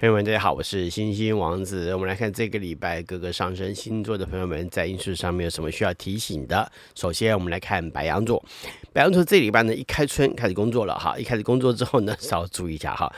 朋友們，大家好，我是星星王子。我們來看這個禮拜各個上升星座的朋友們在運勢上面有什麼需要提醒的。首先，我們來看白羊座。白羊座這禮拜呢，一開春開始工作了哈，一開始工作之後呢，稍微注意一下哈。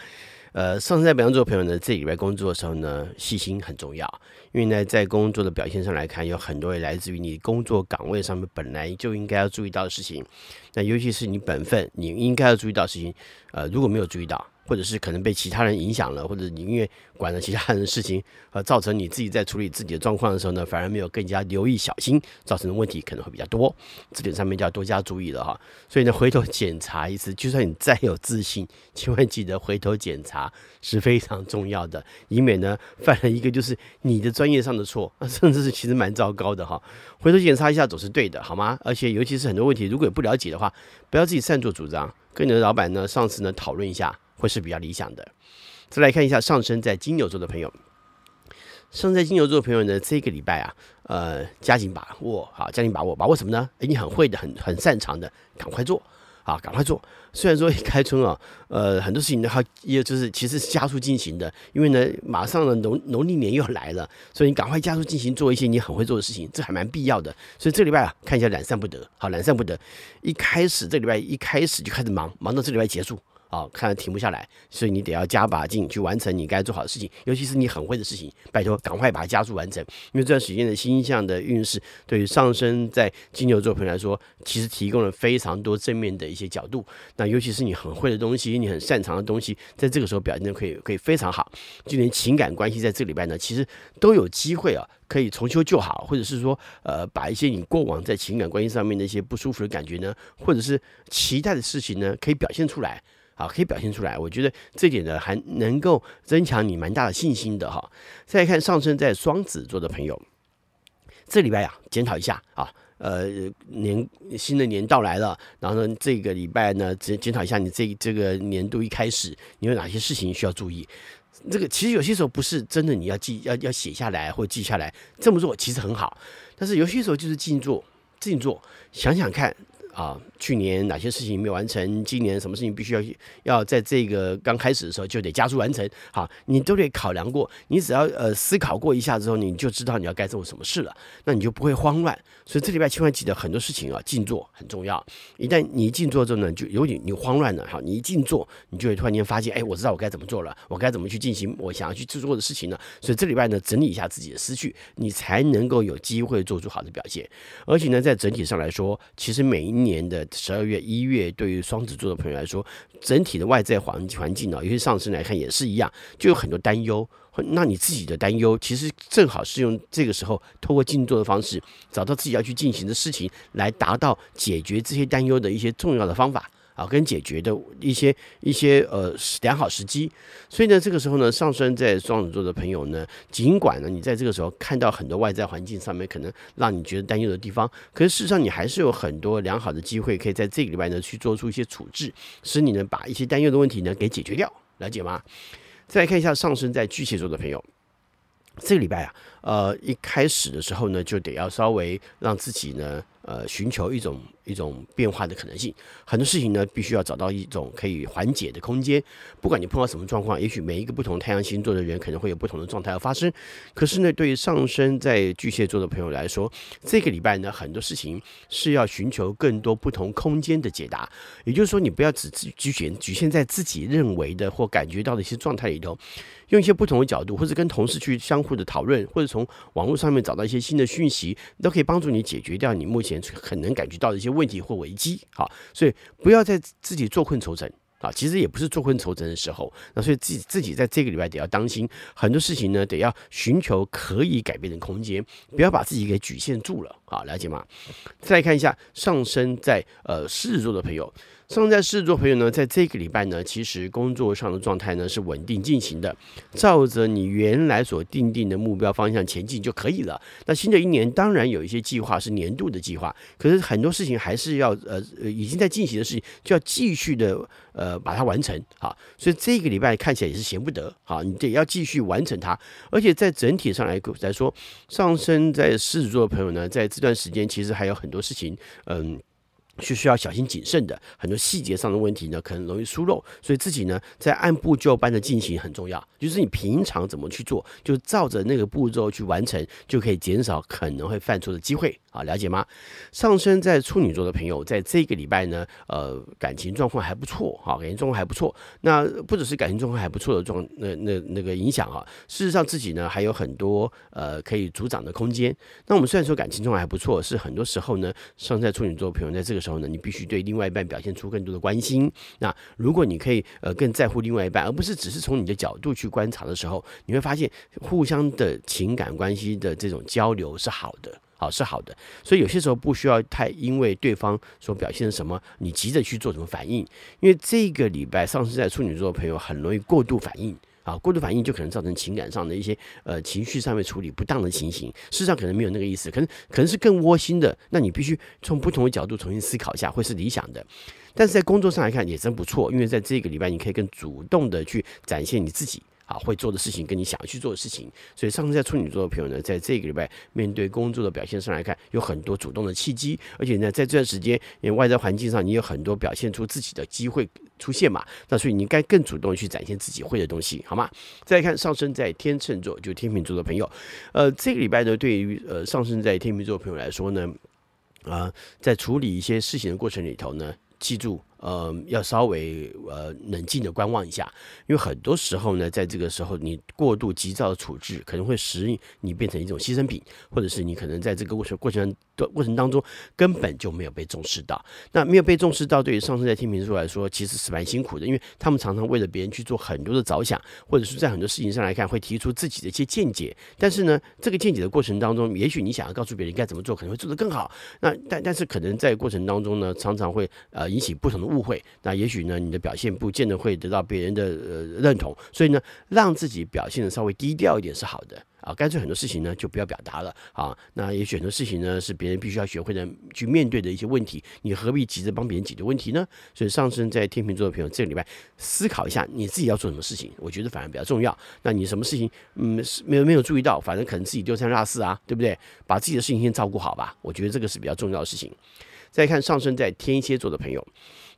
呃，上升在白羊座的朋友呢，這禮拜工作的時候呢，細心很重要。因為呢，在工作的表現上來看，有很多人來自於你工作崗位上面本來就應該要注意到的事情。那尤其是你本分，你應該要注意到的事情。呃，如果沒有注意到。或者是可能被其他人影響了，或者你因為管了其他人的事情，而、呃、造成你自己在處理自己的狀況的時候呢，反而沒有更加留意小心，造成的問題可能會比較多。這點上面就要多加注意了哈。所以呢，回頭檢查一次，就算你再有自信，千萬記得回頭檢查是非常重要的，以免呢犯了一個就是你的專業上的錯、啊，甚至是其實蠻糟糕的哈。回頭檢查一下總是對的，好嗎？而且尤其是很多問題，如果有不了解的話，不要自己擅作主張，跟你的老板呢、上司呢討論一下。會是比較理想的。再來看一下上升在金牛座的朋友，上升在金牛座的朋友呢，這個禮拜啊，呃，加緊把握，好，加緊把握，把握什麼呢？誒你很會的，很很擅長的，趕快做啊，趕快做。雖然說一開春啊，呃，很多事情的話，也就是其實是加速進行的，因為呢，馬上呢，農農曆年又要來了，所以你趕快加速進行做一些你很會做的事情，這還蠻必要的。所以這個禮拜啊，看一下懶散不得，好，懶散不得。一開始這個禮拜一開始就開始忙，忙到這禮拜結束。哦，看了停不下來，所以你得要加把勁去完成你該做好的事情，尤其是你很會的事情，拜託趕快把它加速完成。因為這段時間的星象的運勢，對於上升在金牛座朋友來說，其實提供了非常多正面的一些角度。那尤其是你很會的東西，你很擅長的東西，在這個時候表現的可以可以非常好。就連情感關係在這裡邊呢，其實都有機會啊，可以重修舊好，或者是說，呃，把一些你過往在情感關係上面的一些不舒服的感覺呢，或者是期待的事情呢，可以表現出來。啊，可以表現出來。我覺得這點呢，還能夠增強你蠻大的信心的哈。再來看上升在雙子座的朋友，這禮拜呀，啊，檢討一下啊，呃，年新的年到來了，然後呢，這個禮拜呢，檢檢討一下你這這個年度一開始你有哪些事情需要注意。這個其實有些時候不是真的你要記要要寫下來或記下來這麼做其實很好，但是有些時候就是靜坐靜坐想想看。啊，去年哪些事情沒有完成？今年什麼事情必須要要在這個剛開始的時候就得加速完成？好，你都得考量過。你只要呃思考過一下之後，你就知道你要該做什麼事了，那你就不會慌亂。所以這禮拜千萬記得很多事情啊，靜坐很重要。一旦你一靜坐之後呢，就有點你，你慌亂了哈。你一靜坐，你就會突然間發現，哎，我知道我該怎麼做了，我該怎麼去進行我想要去製作的事情了。所以這禮拜呢，整理一下自己的思緒，你才能夠有機會做出好的表現。而且呢，在整體上來說，其實每一年年的十二月一月，1月對於雙子座的朋友來說，整體的外在環環境呢，有些上升來看也是一樣，就有很多擔憂。那你自己的擔憂，其實正好是用這個時候，通過靜坐的方式，找到自己要去進行的事情，來達到解決這些擔憂的一些重要的方法。啊，跟解決的一些一些呃良好時機，所以呢，這個時候呢，上升在雙子座的朋友呢，儘管呢，你在這個時候看到很多外在環境上面可能讓你覺得擔憂的地方，可是事實上你還是有很多良好的機會，可以在這個禮拜呢去做出一些處置，使你呢把一些擔憂的問題呢給解決掉，了解嗎？再來看一下上升在巨蟹座的朋友，這個禮拜啊。呃，一開始的時候呢，就得要稍微讓自己呢，呃，尋求一種一種變化的可能性。很多事情呢，必須要找到一種可以緩解的空間。不管你碰到什麼狀況，也許每一個不同太陽星座的人可能會有不同的狀態而發生。可是呢，對於上升在巨蟹座的朋友來說，這個禮拜呢，很多事情是要尋求更多不同空間的解答。也就是說，你不要只局限局限在自己認為的或感覺到的一些狀態裡頭，用一些不同的角度，或者跟同事去相互的討論，或者說。從網絡上面找到一些新的訊息，都可以幫助你解決掉你目前很能感覺到的一些問題或危機。好，所以不要在自己坐困愁城啊，其實也不是坐困愁城的時候。那所以自己自己在這個禮拜得要當心，很多事情呢，得要尋求可以改變的空間，不要把自己給局限住了。好，了解嗎？再來看一下上升在呃獅子座的朋友。上升在獅子座朋友呢，在這個禮拜呢，其實工作上的狀態呢是穩定進行的，照着你原來所定定的目標方向前進就可以了。那新的一年當然有一些計劃是年度的計劃，可是很多事情還是要呃呃已經在進行的事情就要繼續的呃把它完成。好，所以這個禮拜看起來也是閒不得，好，你得要繼續完成它。而且在整體上來來說，上升在獅子座的朋友呢，在這段時間其實還有很多事情，嗯。是需要小心謹慎的，很多細節上的問題呢，可能容易疏漏，所以自己呢，在按部就班的進行很重要。就是你平常怎麼去做，就照着那個步驟去完成，就可以減少可能會犯錯的機會啊。了解嗎？上升在處女座的朋友，在這個禮拜呢，呃，感情狀況還不錯啊，感情狀況還不錯。那不只是感情狀況還不錯的狀，那那那個影響啊，事實上自己呢，還有很多呃可以助長的空間。那我們雖然說感情狀況還不錯，是很多時候呢，上升在處女座的朋友在這個時候。後呢，你必須對另外一半表現出更多的關心。那如果你可以呃更在乎另外一半，而不是只是從你的角度去觀察的時候，你會發現互相的情感關係的這種交流是好的，好是好的。所以有些時候不需要太因為對方所表現的什麼，你急着去做什麼反應，因為這個禮拜上升在處女座的朋友很容易過度反應。啊，過度反應就可能造成情感上的一些呃情緒上面處理不當的情形。事實上可能沒有那個意思，可能可能是更窩心的。那你必須從不同的角度重新思考一下，會是理想的。但是在工作上來看也真不錯，因為在這個禮拜你可以更主動的去展現你自己。啊，會做的事情跟你想去做的事情，所以上升在處女座的朋友呢，在這個禮拜面對工作的表現上來看，有很多主動的契機，而且呢，在這段時間，外在環境上你有很多表現出自己的機會出現嘛，那所以你應該更主動去展現自己會的東西，好嗎？再看上升在天秤座，就是天秤座的朋友，呃，這個禮拜呢，對於呃上升在天秤座的朋友來說呢，啊，在處理一些事情的過程裡頭呢，記住。呃，要稍微呃冷靜的觀望一下，因為很多時候呢，在這個時候你過度急躁的處置，可能會使你變成一種犧牲品，或者是你可能在這個過程過程的過程當中，根本就沒有被重視到。那沒有被重視到，對於上升在天秤座來說，其實是蠻辛苦的，因為他們常常為了別人去做很多的着想，或者是在很多事情上來看，會提出自己的一些見解。但是呢，這個見解的過程當中，也許你想要告訴別人該怎麼做，可能會做得更好。那但但是可能在過程當中呢，常常會呃引起不同的。誤會，那也許呢，你的表現不見得會得到別人的呃認同，所以呢，讓自己表現的稍微低調一點是好的啊，乾脆很多事情呢就不要表達了啊。那也許很多事情呢是別人必須要學會的，去面對的一些問題，你何必急着幫別人解決問題呢？所以上升在天秤座的朋友，這個禮拜思考一下你自己要做什麼事情，我覺得反而比較重要。那你什麼事情嗯，沒有沒有注意到，反正可能自己丟三落四啊，對不對？把自己的事情先照顧好吧，我覺得這個是比較重要的事情。再看上升在天蠍座的朋友，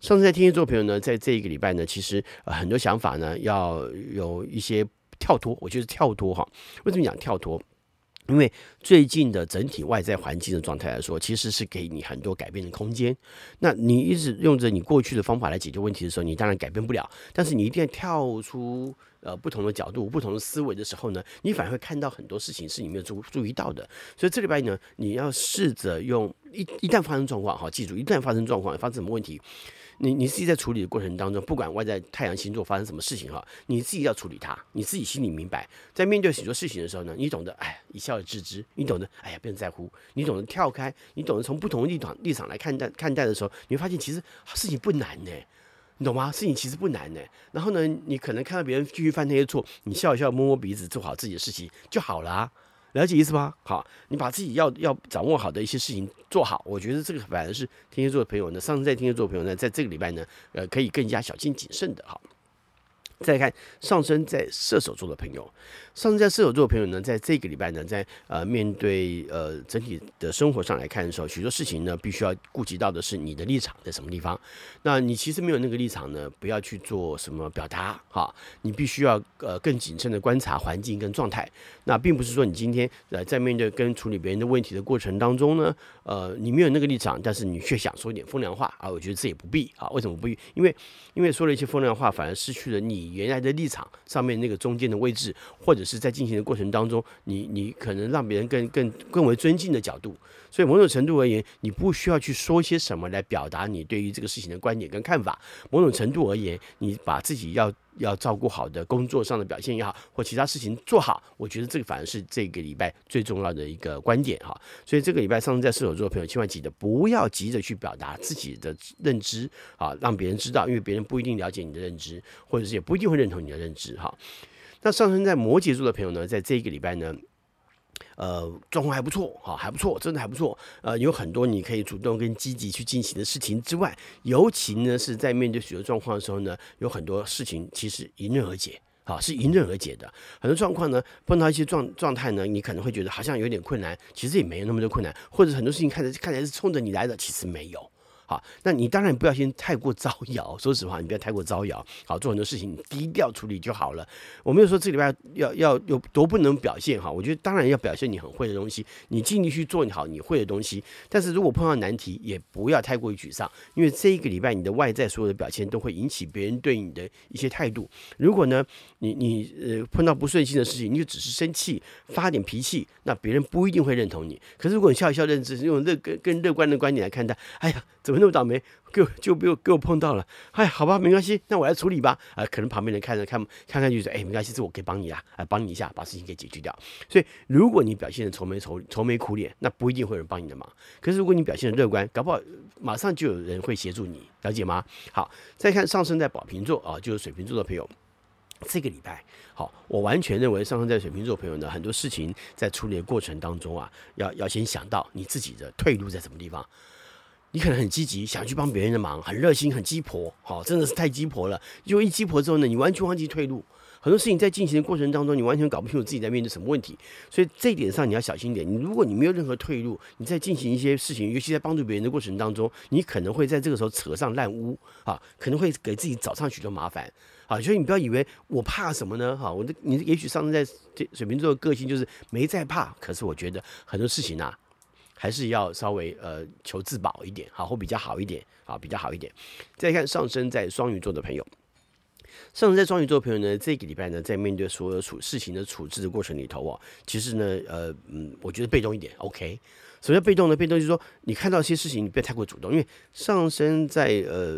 上升在天蠍座的朋友呢，在這一個禮拜呢，其實、呃、很多想法呢，要有一些跳脫，我就是跳脫哈。為什麼講跳脫？因為最近的整體外在環境的狀態來說，其實是給你很多改變的空間。那你一直用着你過去的方法來解決問題的時候，你當然改變不了。但是你一定要跳出。呃，不同的角度，不同的思維的時候呢，你反而會看到很多事情是你沒有注注意到的。所以這裡邊呢，你要試着用一一旦發生狀況，哈，記住一旦發生狀況，發生什麼問題，你你自己在處理的過程當中，不管外在太陽星座發生什麼事情，哈，你自己要處理它，你自己心裡明白。在面對許多事情的時候呢，你懂得哎，一笑而置之，你懂得哎呀，不用在乎，你懂得跳開，你懂得從不同的立場立場來看待看待的時候，你會發現其實事情不難呢、欸。你懂嗎？事情其實不難呢。然後呢，你可能看到別人繼續犯那些錯，你笑一笑，摸摸鼻子，做好自己的事情就好了啊。了解意思嗎？好，你把自己要要掌握好的一些事情做好。我覺得這個反而是天蠍座的朋友呢，上升在天蠍座的朋友呢，在這個禮拜呢，呃，可以更加小心謹慎的，哈。再看上升在射手座的朋友，上升在射手座的朋友呢，在這個禮拜呢，在呃面對呃整體的生活上來看的時候，許多事情呢，必須要顧及到的是你的立場在什麼地方。那你其實沒有那個立場呢，不要去做什麼表達哈。你必須要呃更謹慎的觀察環境跟狀態。那並不是說你今天呃在面對跟處理別人的問題的過程當中呢，呃你沒有那個立場，但是你卻想說一點風涼話啊，我覺得這也不必啊。為什麼不必？因為因為說了一些風涼話，反而失去了你。原來的立場上面那個中間的位置，或者是在進行的過程當中，你你可能讓別人更更更為尊敬的角度，所以某種程度而言，你不需要去說些什麼來表達你對於這個事情的觀點跟看法。某種程度而言，你把自己要。要照顧好的工作上的表現也好，或其他事情做好，我覺得這個反而是這個禮拜最重要的一個觀點哈。所以這個禮拜上升在射手座的朋友，千萬記得不要急着去表達自己的認知啊，讓別人知道，因為別人不一定了解你的認知，或者是也不一定會認同你的認知哈。那上升在摩羯座的朋友呢，在這個禮拜呢。呃，狀況還不錯，好、啊，還不錯，真的還不錯。呃、啊，有很多你可以主動跟積極去進行的事情之外，尤其呢是在面對許多狀況的時候呢，有很多事情其實迎刃而解，好、啊，是迎刃而解的。很多狀況呢，碰到一些狀狀態呢，你可能會覺得好像有點困難，其實也沒有那麼多困難，或者很多事情看着看起來是衝着你來的，其實沒有。好，那你當然不要先太過招搖。說實話，你不要太過招搖。好，做很多事情你低調處理就好了。我沒有說這禮拜要要有多不能表現哈。我覺得當然要表現你很會的東西，你盡力去做你好你會的東西。但是如果碰到難題，也不要太過於沮喪，因為這一個禮拜你的外在所有的表現都會引起別人對你的一些態度。如果呢，你你呃碰到不順心的事情，你就只是生氣發點脾氣，那別人不一定會認同你。可是如果你笑一笑認知，認識用這個跟，跟樂觀的觀點來看待，哎呀，這。沒那麼倒霉，給我就被我給我碰到了。哎，好吧，沒關係，那我來處理吧。啊、呃，可能旁邊人看着看看看就說，哎、欸，沒關係，是我可以幫你啊，啊、呃，幫你一下，把事情給解決掉。所以，如果你表現得愁眉愁愁眉苦臉，那不一定會有人幫你的忙。可是，如果你表現得樂觀，搞不好馬上就有人會協助你，了解嗎？好，再看上升在寶瓶座啊、呃，就是水瓶座的朋友，這個禮拜，好，我完全認為上升在水瓶座的朋友呢，很多事情在處理的過程當中啊，要要先想到你自己的退路在什麼地方。你可能很積極，想去幫別人的忙，很熱心，很雞婆，好、哦，真的是太雞婆了。因為一雞婆之後呢，你完全忘記退路，很多事情在進行的過程當中，你完全搞不清楚自己在面對什麼問題。所以這一點上你要小心點。你如果你沒有任何退路，你在進行一些事情，尤其在幫助別人的過程當中，你可能會在這個時候扯上爛污啊，可能會給自己找上許多麻煩啊。所以你不要以為我怕什麼呢？哈、啊，我的你也許上升在這水瓶座的個性就是沒在怕，可是我覺得很多事情啊。還是要稍微呃求自保一點好，或比較好一點好，比較好一點。再看上升在雙魚座的朋友，上升在雙魚座的朋友呢，這個禮拜呢，在面對所有處事情的處置的過程裡頭哦，其實呢，呃嗯，我覺得被動一點 OK。首先被動呢？被動就是說，你看到一些事情，你不要太過主動。因為上升在呃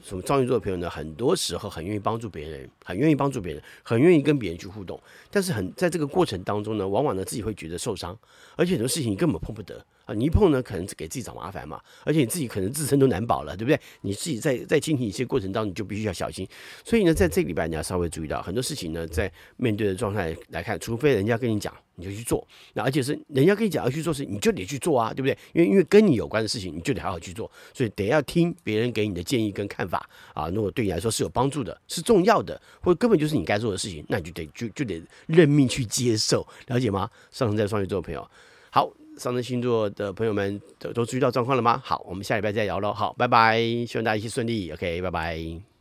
什麼雙魚座的朋友呢，很多時候很願意幫助別人，很願意幫助別人，很願意跟別人去互動。但是很在這個過程當中呢，往往呢自己會覺得受傷，而且很多事情你根本碰不得。啊，你一碰呢，可能給自己找麻煩嘛，而且你自己可能自身都難保了，對不對？你自己在在進行一些過程當中，你就必須要小心。所以呢，在這個禮拜你要稍微注意到很多事情呢，在面對的狀態來看，除非人家跟你講，你就去做。那而且是人家跟你講要去做事，你就得去做啊，對不對？因為因為跟你有關的事情，你就得好好去做。所以得要聽別人給你的建議跟看法啊。如果對你來說是有幫助的、是重要的，或者根本就是你該做的事情，那你就得就就得認命去接受，了解嗎？上升在雙魚座的朋友，好。上升星座的朋友們都都注意到狀況了嗎？好，我們下禮拜再聊嘍。好，拜拜，希望大家一切順利。OK，拜拜。